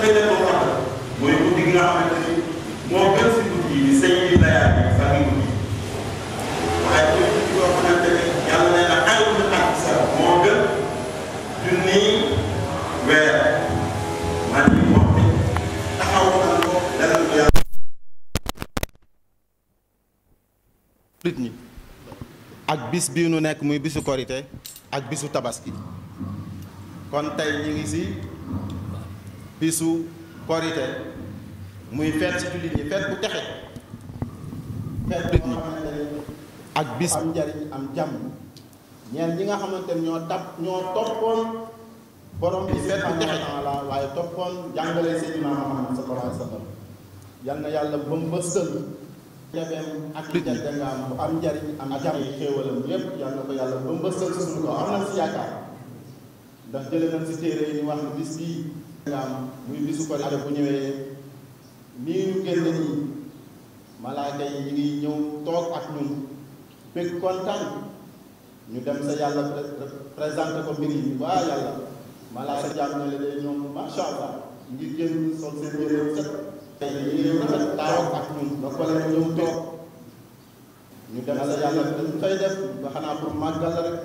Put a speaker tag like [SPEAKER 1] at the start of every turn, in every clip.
[SPEAKER 1] xëy mooy guddi gi nga xamante ni moo gën si guddi yi sëñ bi layaat bi fa ngi guddi waaye bu guddi boo xamante ni yàlla nee na xayru sa moo gën junni weer man ni moom bi taxaw na ko dalal ko yàlla nit ñi ak bis bii nu nekk muy bisu korite ak bisu tabaski kon tey ñu ngi si bisu korite muy feet si jullit ñi feet bu texe feet boo xamante ni ak bis am njariñ am jàmm ñeen ñi nga xamante ni ñoo tap ñoo toppoon borom bi feet bu texe la waaye toppoon jàngale Seydina Muhammad sallallahu alayhi wa sallam yal na yàlla bam ba sël jabeem ak jandangaam bu am njariñ am jàmm xéewalam yépp yal ko yàlla bam ba sël suñu ko am na si yaakaar ndax jële nañ si téere yi ñu wax bis bii am muy bisu ko ade bu ñëwee nii génn nii malaaka yi ñu ngi ñëw toog ak ñun bëgg kontaan ñu dem sa yàlla présenté ko mbir yi waa yàlla malaaka jàmm ne la dee ñoom masha allah génn sol seen yére set ak ñun ba ko leen ñëw toog ñu dem sa yàlla dañ koy def ba xanaa pour màggal rek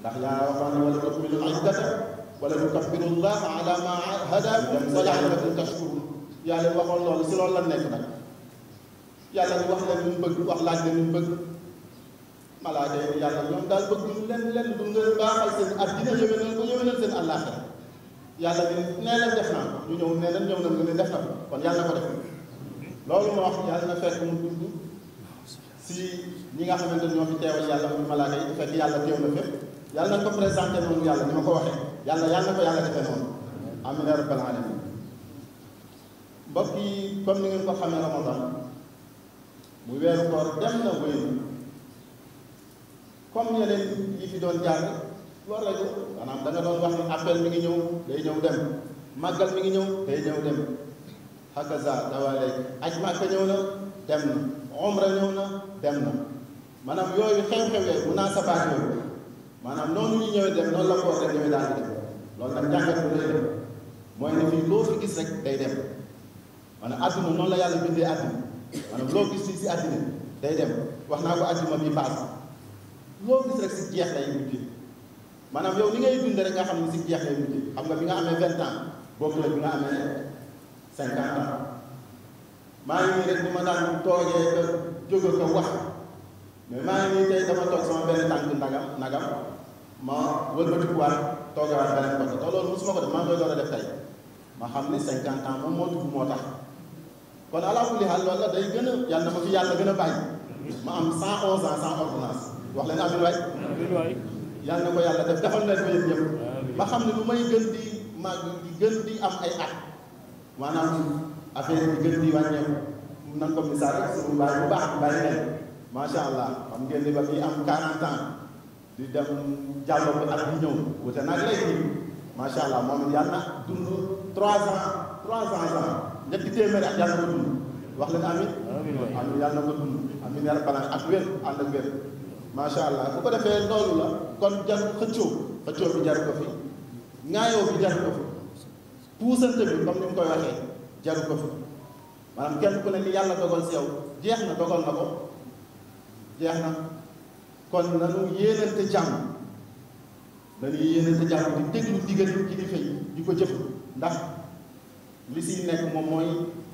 [SPEAKER 1] ndax yaa waxoon wala ko mil ay wala tukabbirullaah alaa maa hadaakum wa la'allakum tashkuruun yàlla waxoon loolu si loolu la nekk nag yàlla ñu wax leen lu mu bëgg wax laaj leen lu mu bëgg malaaka yi yàlla ñoom daal bëgg ñu leen leen lu ngeen baaxal seen àddina yéwénal ko yéwénal seen àllaaxira nee leen def naa ko ñu ñëw nee leen ñëw na mu ne def na ko kon yàlla ko def loolu ma wax yàlla na fekk mu dund si ñi nga xamante ñoo fi teewal yàlla muy malaaka yi fekk yàlla teew na fépp yàlla na ko présenté moom yàlla ni ma ko waxee yàlla yàlla ko yàlla defee noonu amiin yaa rabbal aalamiin mbokk yi comme ni ngeen ko xamee ramadan mu weeru koor dem na wéyu comme yeneen yi fi doon jàng loolu la ñu maanaam da nga doon wax ni appel mi ngi ñëw day ñëw dem màggal mi ngi ñëw day ñëw dem hakaza dawale aj Màkka ñëw na dem na umra ñëw na dem na maanaam yooyu xew-xewee munasabaat yooyu maanaam noonu ñu ñëwee dem noonu la ko war ñëwee daal di dem loolu nag jàngat bi lay mooy ne fii loo fi gis rek day dem maanaam àdduna noonu la yàlla bindee àdduna maanaam loo gis fii àdduna day dem wax naa ko àdduna bi paas loo gis rek si jeex lay mujjee maanaam yow ni ngay dund rek nga xam ne si jeex lay mujjee xam nga bi nga amee vingt ans boobu la bi nga amee cinquante ans maa ngi nii rek bu ma daan toogee ka jóge ko wax maa ngi nii tey dama toog sama benn tànk ndagam nagam ma wëlbatikuwaat toogaat beneen côté te loolu mosuma ko def maa ngi koy door a def tey ma xam ne cinquante ans moom moo dugg moo tax kon alaa kulli haal loolu la day gën a yàlla na ma fi yàlla gën a bàyyi ma am cent onze ans sans ordonnance wax leen amin waay waay yàlla na ko yàlla def defal leen ko yéen ñëpp ma xam ne lu may gën di ma di gën di am ay at maanaam affaire yi gën di wàññeeku nan ko misaal suñu mbaay bu baax mbaay nen macha allah xam ngeen ne ba muy am 40 ans di dem jàlloo bi ak bu ñëw wute nag léegi macha allah moom yàlla na dund trois ans trois ans ans ñetti téeméeri ak yàlla ko dund wax leen amin amin yàlla na ko dund amin yàlla balaa ak wér ànd ak wér macha allah bu ko defee loolu la kon jar xëccoo xëccoo bi jaru ko fi ŋaayoo bi jaru ko fi puusante bi comme ni mu koy waxee jaru ko fi maanaam kenn ku ne ni yàlla dogal si yow jeex na dogal na ko jeex na kon nanu yéenante jàmm dañuy yéenante jàmm di déglu digal kilifa yi di ko jëf ndax li si nekk moom mooy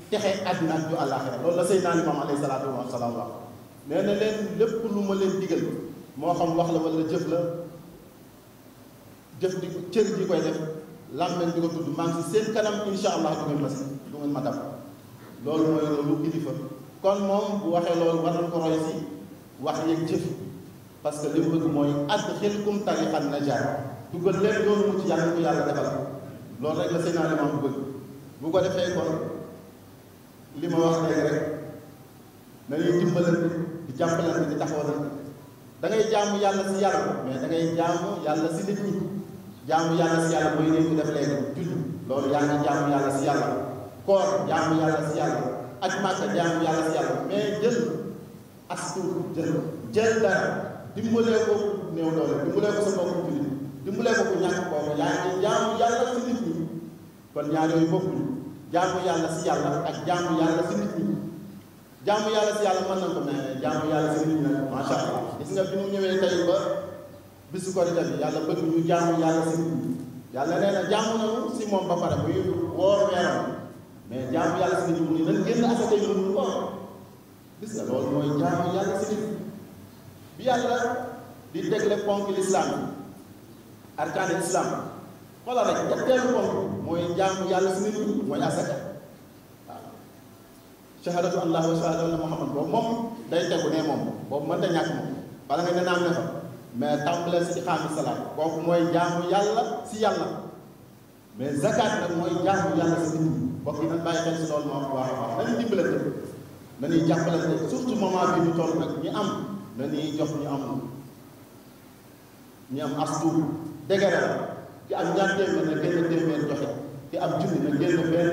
[SPEAKER 1] texe àddina ak ju àllaaxira loolu la Seydina Limaam alayhi salaatu wa salaam wax nee na leen lépp lu ma leen digal moo xam wax la wala jëf la jëf di ko cër di koy def làmmeñ di ko tudd maa si seen kanam insha allah du ngeen ma si du ngeen ma dab loolu mooy loolu kilifa kon moom bu waxee loolu war nañ ko roy wax yeeg jëf parce que li mu bëgg mooy adxilkum tariqan najaat dugal leen yoonu mu ci yàlla ko yàlla defal loolu rek la seen alimaam bu bëgg bu ko defee kon li ma wax rek nañuy dimbalante di jàppalante di taxawalante da ngay jaamu yàlla si yàlla mais da ngay yàlla si nit ñi jaamu yàlla si yàlla mooy koor jaamu yàlla si yàlla ak màkka jaamu yàlla si yàlla mais jël astu jël jël dara dimbalee ko néew doole dimbalee ko sa mbokku jullit dimbalee ko ku ñàkk kooku yaa ngi jaamu yàlla si nit ñi kon ñaar yàlla si yàlla ak jaamu yàlla si nit ñi jaamu yàlla si yàlla mën nañ ko mais jaamu yàlla si nit ñi nag macha allah gis nga bi mu ñëwee tey yàlla bëgg ñu jaamu yàlla yàlla nee na jaamu si moom ba pare buy woor weeram mais jaamu yàlla si nit ñi nañ génn asaka yi mënul ko gis loolu mooy jaamu yàlla si nit bi yàlla di dégle ponk lislaam arkaan lislaam xoolal rek ñetteelu ponk mooy jaamu yàlla si nit ñi mooy moom boobu mënta ñàkk moom bala nga ne ne fa mais tàmbale si xaami salaam kooku mooy jaamu yàlla si yàlla mais zakat nag mooy jaamu yàlla si nit ñi bokk yi nan bàyyi xel si loolu moom bu baax a baax nañu dimbalante nañuy jàppalante surtout bi ñu toll nag ñu am dañuy jox ñu am ñu am astuur dëgëral ki am ñaar téeméer na génn téeméer joxe ki am junni na génn benn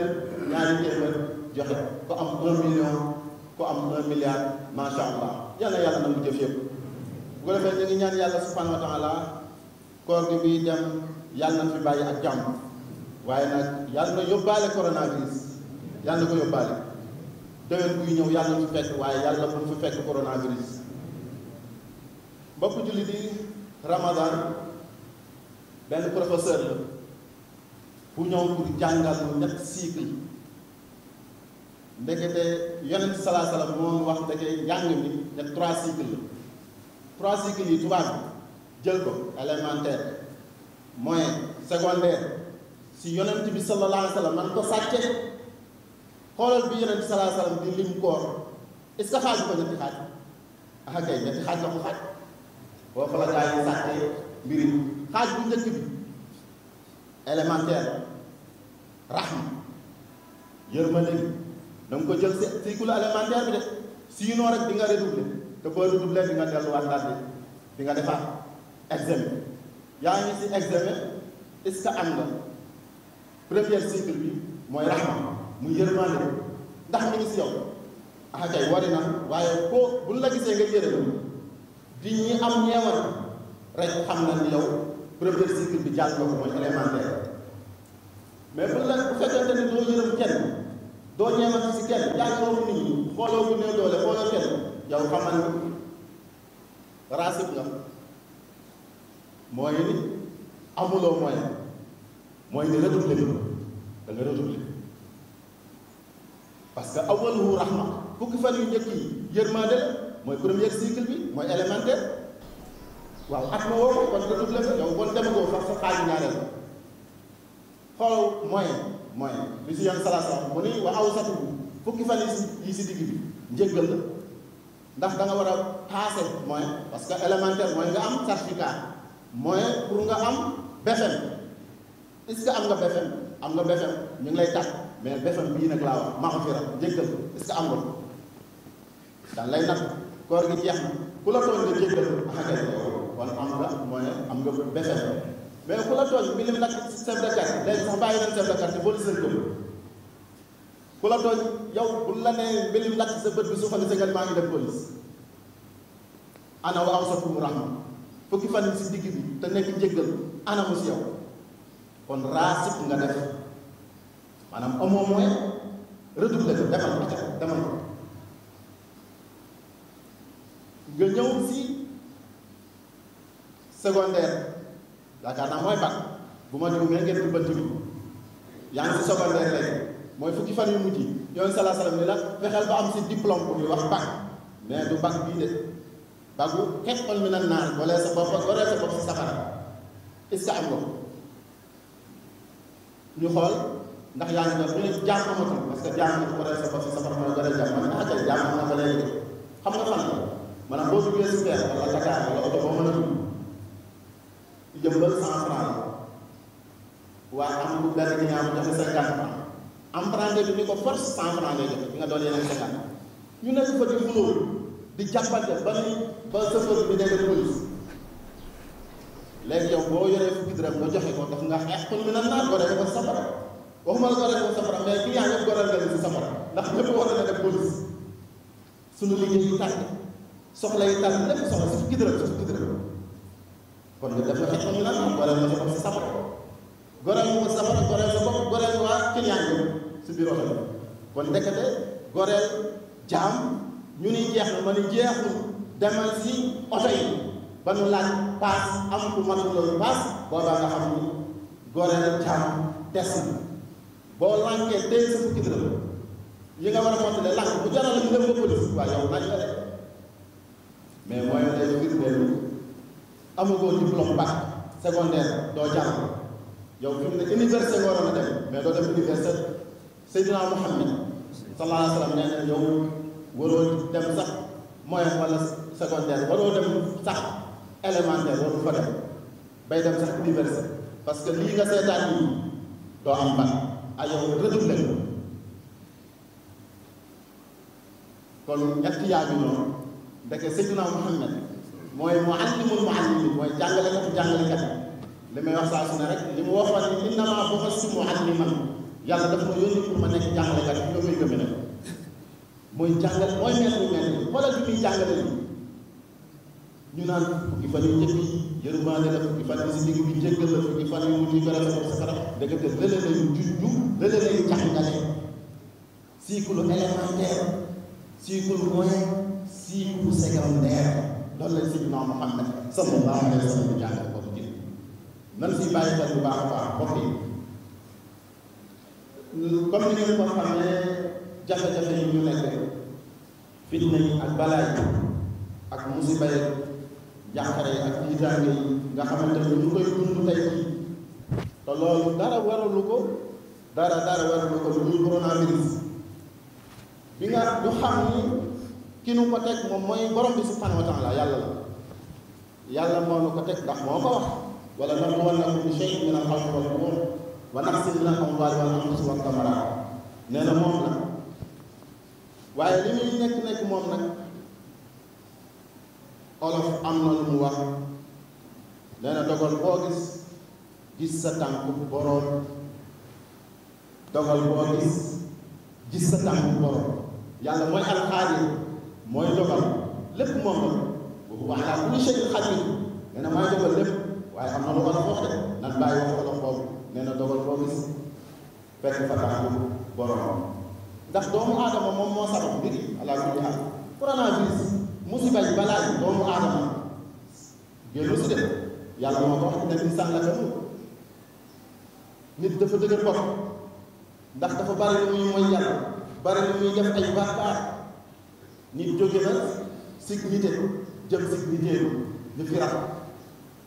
[SPEAKER 1] ñaari téeméer joxe ku am un million ku am un milliard macha allah yàlla yàlla na mu jëf yëpp bu ko defee ñu ñaan yàlla subhanahu wa taala koor bi dem yàlla na fi bàyyi ak jàmm waaye nag yàlla na yóbbaale coronavirus yàlla na ko yóbbaale déwén buy ñëw yàlla na fi fekk waaye yàlla na fi fekk coronavirus mbokk jullit yi Ramadan benn professeur la bu ñëw pour jàngal mu ñett cycle ndekete yonent salaa salaam moom wax ndeke njàng mi ñett trois cycle la trois cycles yi tubaab jël ko élémentaire moyen secondaire si yonent bi sallallahu alayhi wa sallam man ko sàcce xoolal bi yonent salaa salaam di lim koor est-ce que ko ñetti xaaj ah kay ñetti xaaj la ko xaaj. boo fa la gaa yi sàkkee xaaj bu njëkk bi élémentaire rahma yërmande gi da nga ko jël cycle élémentaire bi de sinon rek di nga redoubler te boo redoubler di nga delluwaat daal di di nga defaat examen yaa ngi ci examen est-ce que am nga premier cycle bi mooy rahma muy yërmande ndax mi ngi ci yow ah kay wari na waaye koo buñ la gisee nga yërëm. di ñi am ñeewal rek xam na ni yow premier cycle bi jàll nga ko mooy élémentaire mais bu la bu fekkente ni doo yërëm kenn doo ñeewal si kenn jàlloo nit ñi xooloo bu ne doole xooloo kenn yow xamal nga raasib nga mooy amuloo moyen mooy ni redoublé bi da nga redoublé parce que awwaluhu rahma fukki fan yu njëkk yi yërmande la mooy premier cycle bi mooy élémentaire waaw at ma woo ko kon nga double fa yow kon demagoo sax sa xaaju ñaareel xool moyen moyen bi si yoon salaat wax mu ni wa aw satubu fukki fan yi si digg bi njëggal la ndax da war a passé moyen parce que élémentaire mooy nga am certificat moyen pour nga am BFEM est-ce que am nga BFEM am nga BFEM ñu lay tax mais BFEM bii nag laa wax maa ko njëggal est-ce que am nga ko daan lay nag koor gi jeex na ku la tooñ nga jéggal axakay kon nga mooy am nga besel mais ku la tooñ mi lim nag chef de quartier day sax bàyyi leen chef de quartier boo la tooñ yow la sa bët maa ngi dem police ana wa awsakum rahma fukki fan mu def nga ñëw si secondaire yaakaar naa mooy bac bu ma ñëw ngeen ngeen bëgg bi yaa ngi ci secondaire lay mooy fukki fan yu mujj yoon salaa salaam ni la fexeel ba am ci diplôme bu ñuy wax bac mais du bac bii de bagu xetxol mi na naan wala sa bopp wala sa bopp si safara est-ce que am nga ñu xool ndax yaa ngi doon sa bopp mooy wala jaam man naa jël jaam am na ba léegi xam nga fan maanaam boo duggee si pexe wala Dakar wala oto boo mën a dugg jëm ba cent franc waaye am lu benn ginnaaw mu joxe cinquante franc emprunté bi ni ko force cent franc lay joxe nga doon yeneen cinquante ñu nekk fa di xulóo ni ba bi nekk police léegi yow boo fi fukki dërëm nga joxe ko daf nga xeex kon mi nan naa goree ko safara waxuma la goree ko safara mais yaa yëpp goreel nga si safara ndax ñëpp war na def police suñu liggéey yu tàgg soxla yi tam lépp soxla suuf gidral suuf gidral kon ñu def nga nga sa nga sa bopp goreel sa bopp goreel waa client yi si biir ko kon ndekete goreel jaam ñu jeex na ma ni jeexul demal si oto yi ba nu laaj paas am ku mën loolu nga xam ni goreel jaam des na boo lànkee tey sa fukki dërëm yi nga war a mottale lànk bu jaral la mu dem ba police waaye yow laaj la rek mais mooy day firndeelu amagoo diplôme bac secondaire doo jàng yow fi mu ne université nga dem mais doo dem université Seydina Muhammad sallallahu alayhi wa sallam nee na yow waroo dem sax moyen wala secondaire waroo dem sax élémentaire warul fa dem bay dem sax université parce que lii nga seetaan nii doo am bac ay ah, yow redoublé ko kon ñett yaa noonu ndeke Seydina Muhammad mooy muallimul muallimin mooy jàngalekatu jàngalekat yi li may wax saa su ne rek li mu waxoon ni innamaa bu'istu mualliman yàlla daf ma yónni pour ma nekk jàngalekat yi ñoo koy gëmee nag mooy jàngal mooy mel ni ni xoolal bi muy jàngale ñu naan fukki fan yu njëkk yi yërmaande la fukki fan yu si digg bi jéggal la fukki fan yu mujj ko rafetlu sa kanam dëgg te lële lañu jujju lële lañu jàngale cycle élémentaire cycle moyen siibu secondaire loolu la si noonu xam ne sallallahu sa wa sallam jàngal ko bu bàyyi xel baax a baax mbokk yi comme ni ngeen ko xam ne jafe-jafe yi ñu nekk fitna yi ak balaay ak musiba yi jàqare yi ak yiitaange yi nga xamante ne ñu koy dund tey jii te loolu dara waralu ko dara dara waralu ko lu muy coronavirus bi nga ñu xam ni ki nu ko teg moom mooy borom bi subhanahu wa yàlla la yàlla moo nu ko teg ndax moo ko wax wala nabluwannakum bi shay'in min al-khawfi wal-ju'i wa moom la waaye li muy nekk nekk moom nag olof am na lu mu wax nee na dogal boo gis gis sa tànku boroom dogal boo gis gis sa tànku boroom yàlla mooy alxaadir mooy dogal lépp moom la bu wax laa bu ñu seetlu xaj bi nee na maay dogal lépp waaye am na lu war a wax de nan bàyyi wax wala boobu nee na dogal boo gis fekk fa tax bu borom ndax doomu aadama moom moo sabab mbir yi ala kulli haal coronavirus musiba yi balaa yi doomu aadama génn si de yàlla moo ko wax ne insaan la gëm nit dafa dëgër bopp ndax dafa bari lu muy mooy yàlla bari lu muy def ay bàkkaar nit jóge na si nite jëm si niteeru ñu fi rafet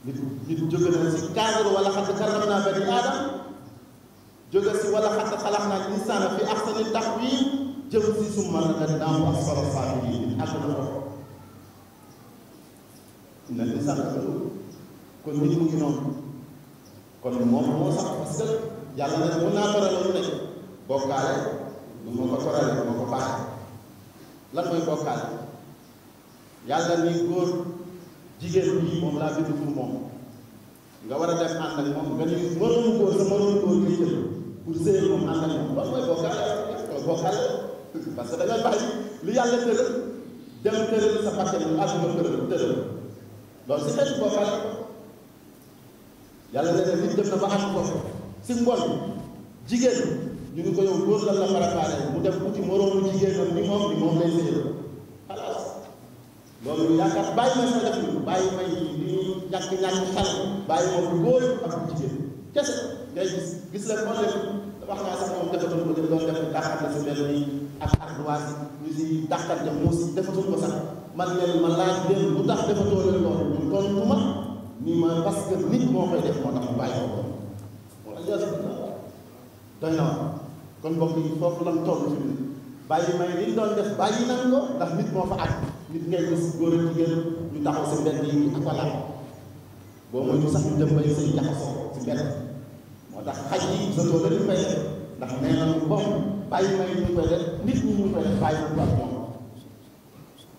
[SPEAKER 1] nit nit jóge na si cadre wala xadd naa bani aadam jóge si wala xadd xalax naa insaana fi axsani taqwiim jëm si summa radadnaahu asfala saafiliin ak kon nit mu ngi noonu moom moo sax parce mun naa torale lu nekk bokkaale du ma ko torale du ko baaxee lan mooy bokkaale yàlla ni góor jigéen bii moom laa bind pour moom nga war a def ànd ak moom nga ni mënoon góor sa mënoon góor ngay jël pour séer moom ànd ak moom loolu mooy bokkaale bokkaale parce que da nga bàyyi li yàlla tëral dem tëral sa partenaire mu ànd nga tëral tëral loolu si xeetu bokkaale yàlla léeg-léeg nit dem na ba am ko si ngoon jigéen ñu ngi ko yow loolu lan la farataale mu def ku ci moroomu jigéenam ni moom ni moom lay séyal xalaas loolu yaakaar bàyyi may sa def ñu bàyyi may li ñuy ñàkk ñàkk xel bàyyi moom bu góor ak bu jigéen kese ngay gis gis la moo def wax naa sax ko dem doon def dàqal na si ni ak ardoise lu si dàqal ne muus man leen ma laaj leen lu tax defatoo leen loolu ñu tontu ma ni ma parce que nit moo koy def moo tax mu bàyyi ko ko wala jël doy na kon mbokk yi foofu lan toll ci biir bàyyi may liñ doon def bàyyi nan ko ndax nit moo fa àgg nit ngay gis góor a jigéen ñu taxaw si mbedd yi ak wala boo mooy ñu sax ñu dem bay say jaxasoo si mbedd moo tax xaj yi sa tool la ñu koy def ndax nee na lu bon bàyyi may ñu def nit ñi ñu koy def bàyyi bu baax moom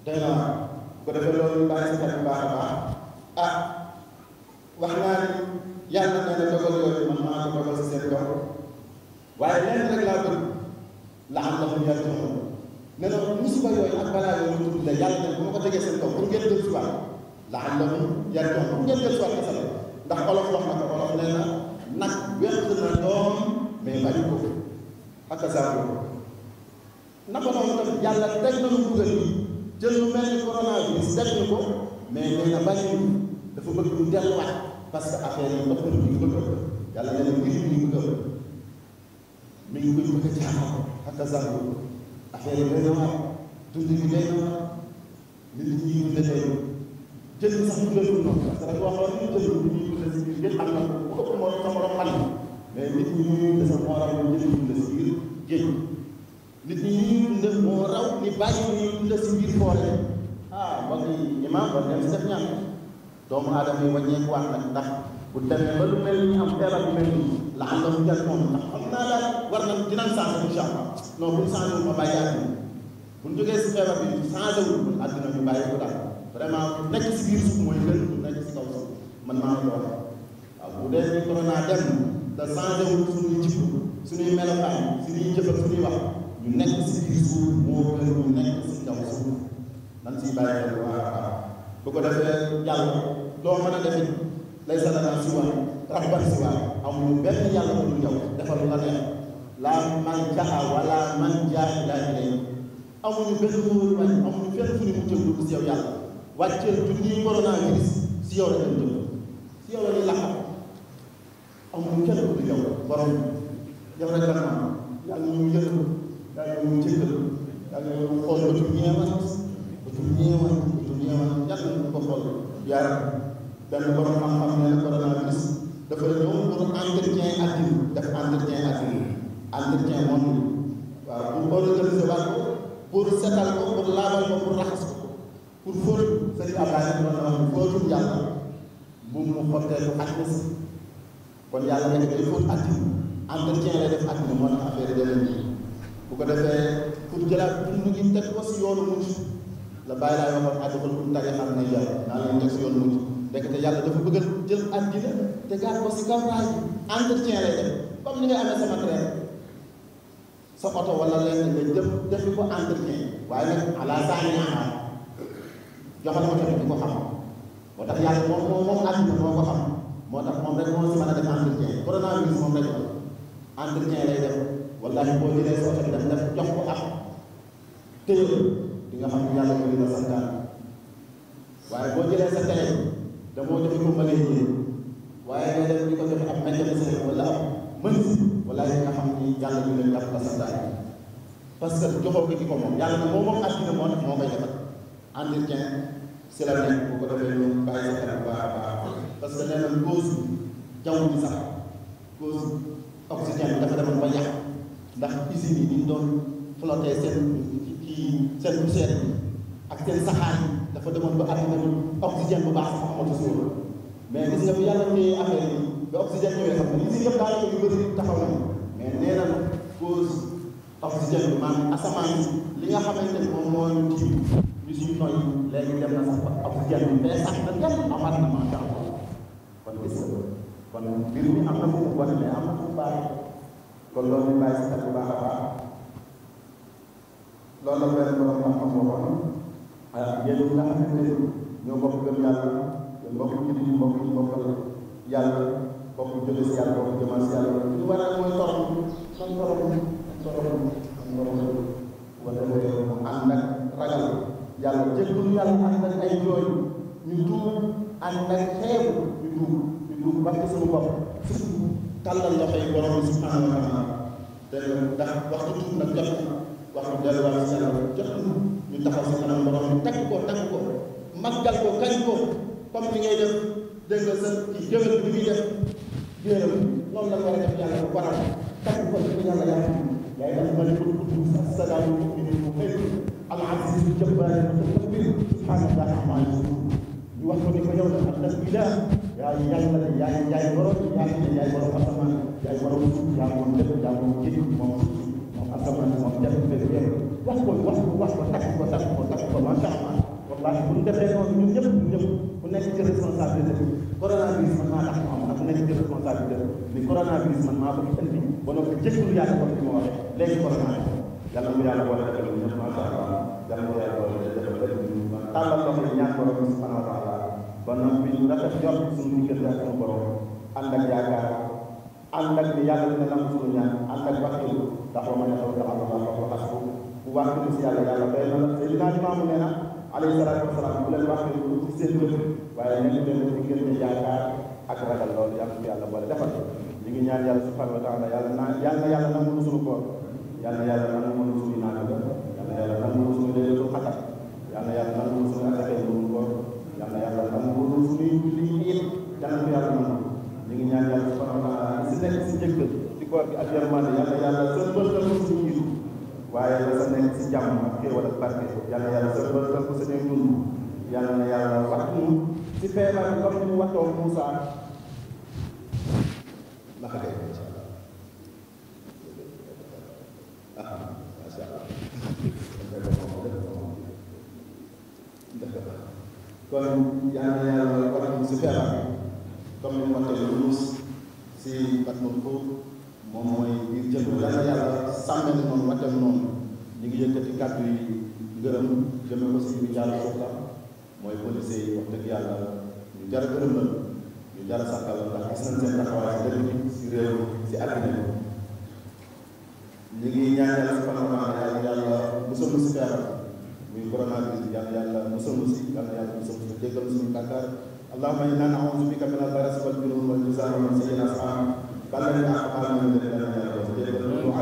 [SPEAKER 1] defee loolu bàyyi si xel bu baax a ah wax naa ni yàlla na ne dogal yooyu man maa ko dogal si seen dox waaye lenn rek laa bëgg la am na xam yàlla joxoon ne la musiba yooyu ak balaa yooyu ñu tudd la yàlla ne bu ko tegee seen ngeen jël suwaat la am na yàlla joxoon pour ngeen jël suwaat kasala ndax olof wax na ko olof nee na nag wér na doom mais bari ko ak saa ko naka noonu tam yàlla teg na lu dugal bi jël lu mel ni coronavirus teg na ko mais nee na bari dafa bëgg lu delluwaat parce que affaire yi ndox mi ñu bëgg yàlla nee na mbir mi ñu bëgg mais ñu ko ci xaar ak zango affaire yi day waar dund bi day waar nit ñi ñu defee jël sax ñu deful noonu parce que dañu wax loolu ñu jël ñu ñu des ñu jël am na bu ëpp moo sa morom xal mais nit ñi ñu des moo raw ñu jël ñu des si biir géej nit ñi ñu des moo raw ni bàyyi ñu des si biir foole ah ba ngi imaam ba dem set ñaan doomu aadama yi wàññeeku waat nag ndax bu demee ba lu mel ni am feebar bu mel nii la xam ne mu jël moom ndax xam naa daal war na dinañ changé incha allah non buñ changé wul ma bàyyi àdduna buñ jógee si feebar bi changé wul àdduna ñu bàyyi ko daal vraiment nekk si biir suuf mooy gën bu nekk si kaw suuf man maa ngi wax a bu dee ni corona dem te changé wul suñuy jikko suñuy melokaan suñuy jëf ak suñuy wax ñu nekk si biir suuf moo gën ñu nekk si kaw suuf nan siy bàyyi xel bu ko defee yàlla doo mën a def lay sa dana si rabbal si waay amul benn yàlla bu dul yow defal lu la neex laa man jaa wala man jaa ilaa ilay amuñu benn wóolu waay amuñu fenn fu ñu mujjee lu si yow yàlla wàcceel junni coronavirus si yow la dem jëm si yow la ñuy laxam amul kenn ku dul yow borom yow rek la maam yàlla ñu yërëm yàlla ñu jëkkal yàlla ñu xool bëtu ñeewant bëtu ñeewant bëtu ñeewant yàlla ñu ko xool yaram benn borom xam-xam nee na coronavirus dafa ñëw pour entretien adduna def entretien adduna entretien monde waaw pour organiser waat ko pour setal ko pour laabal ko pour raxas ko pour fóot sëriñ Ablaye ñu doon wax fóotum yàlla bu mu xotteeku atlas kon yàlla nga def day fóot adduna entretien lay def adduna moo tax affaire demee nii bu ko defee pour jëlaat dund gi teg ko si yoonu mucc la bàyyi laa waxoon àdduna ko mu tàggee xam ne yàlla naa leen teg si yoonu mucc ndekete yàlla dafa bëgg a jël àddina te gaar ko si campagne entretien lay def comme ni nga amee sa matériel sa oto wala lenn nga jëm def ko entretien waaye nag à la saa ñu naan joxal ma tamit di ko xam moo tax yàlla moom moom moom àddina moo ko xam moo tax moom rek moo si mën a def entretien coronavirus moom rek la entretien lay def wallaahi boo jëlee sa oto bi daf def jox ko ak téye di nga xam ne yàlla ko dina santaan waaye boo jëlee sa télé damoo def ko mën a yéen waaye nga def di ko def ab mécanicien wala ab mën wala yi nga xam ni yàlla ñu leen def la santaane parce que joxoo ko ci ko moom yàlla na moo moom àddina moo tax moo koy defal entretien si la nekk bu ko defee loolu bàyyi sa xel bu baax a baax parce que nee na cause jaww ji sax cause oxygène dafa demoon ba yàq ndax usines yi ñu doon flotté seen kii seen poussière ak seen saxaar yi dafa demoon ba àddina oxygène bu baax sax moo ci suuf mais gis nga bu yàlla téye affaire yi ba oxygène ñëwee xam ne li si yëpp daanaka ñu bëri taxaw nañu mais nee na cause oxygène bi maanaam asamaan li nga xamante ni moom moo ñu tiim ñu suñu noyyi léegi na sax ba oxygène bi mais sax na kenn amaat na maa jàpp kon gis nga kon mbir mi am na fu mu bon mais am na mu baax kon loolu ñu bàyyi si xel bu baax a baax loolu la benn borom xam-xam waxoon ah yéen nga xamante ne ñoo bokk gëm yàlla ñoo bokk jullit ñi bokk bokkal yàlla bokk jóge si yàlla bokk jëmal si yàlla li waral mooy torox man torox torox mu ànd ragal yàlla jéggul yàlla ànd ak ay jooy ñu tuub ànd ak xeebu ñu tuub ñu tuub ba ci sama bopp loxo yi borom bi wa taala te ndax waxtu tuub waxtu delluwaat si yàlla jot taxaw si kanam borom bi teg ko teg ko màggal ko kañ ko comme ni ngay def dégg nga sa ci jëwel bi muy def jéeram noonu la war a def yàlla ko waral takk ko ci yàlla yàlla yaay daf ma ne ko tudd assalaamu muminin bu xëy al aziz jabbaari mutakabir subhanallah rahman ñu wax ko ni ko yow la ak nag ila yaay yaay ma ne yaay yaay borom yaay ne yaay borom asamaan yaay borom suuf yaa moom lépp yaa moom jënd moom moom asamaan moom jënd lépp wax ko wax ko wax ko takk ko takk ko takk ko macha allah waaye bu ñu defee noonu ñun ñëpp ñëpp ku nekk ci responsabilité coronavirus man maa tax mu am ndax ku nekk ci responsabilité ni coronavirus man maa ko fi indi ba noppi jëkkul yàlla ko fi ma waxee léegi corona yàlla mu yàlla boole defal ñu ñëpp macha allah yàlla mu yàlla boole defal defal ñu ma tàllal loxo yi ñaan borom bi subhanahu wa taala ba noppi ñu rafet jot suñu diggante ak suñu borom ànd ak yaakaar ànd ak ni yàlla dina nangu suñu ñaan ànd ak wàcceelu ndax wa ma ne xaw dafa am wax wax ku wàcceelu si yàlla yàlla bay na la te dinaa ñu maamu nee na alayhi salaatu wasalaam bu leen waxee lu ci seen bët waaye nekk leen diggante yaakaar ak ragal loolu yàlla na yàlla boole defal ñu ngi ñaan yàlla subhanahu wa taala yàlla na yàlla na yàlla nangu suñu koor yàlla na yàlla nangu suñu naafila yàlla na yàlla nangu suñu leelatul xatar yàlla na yàlla nangu suñu asakay suñu koor yàlla na yàlla nangu suñu julli yi yàlla na yàlla nangu ñu ngi ñaan yàlla subhanahu wa taala si nekk si njëkk ci koor gi ak yërmande yàlla yàlla seen bët la suñu waaye la sa nekk si jàmm xéewal ak barke yàlla yàlla sa ba sa ko sañuy dund yàlla na yàlla waxtu si feebar bi comme ni mu waxtoo Moussa naka kay ah masha Allah kon yàlla na yàlla waxtu si feebar bi comme ni mu waxtoo Moussa si bat moom foofu moom mooy ngir jël ko yàlla yàlla sàmmali noonu waxte noonu ñu ngi yëkkati kàddu yi gërëm jëmee ko si yi wax dëgg yàlla ñu jara gërëm la ñu jara sàkkal ndax gis si dëkk bi si réew si àddina ñu ngi ñaan yàlla subhanahu yàlla yàlla musal si feebar muy coronavirus bi yàlla بل من أخبرنا من الذين يرون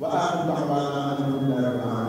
[SPEAKER 1] وآخر دعوانا أن الحمد لله رب العالمين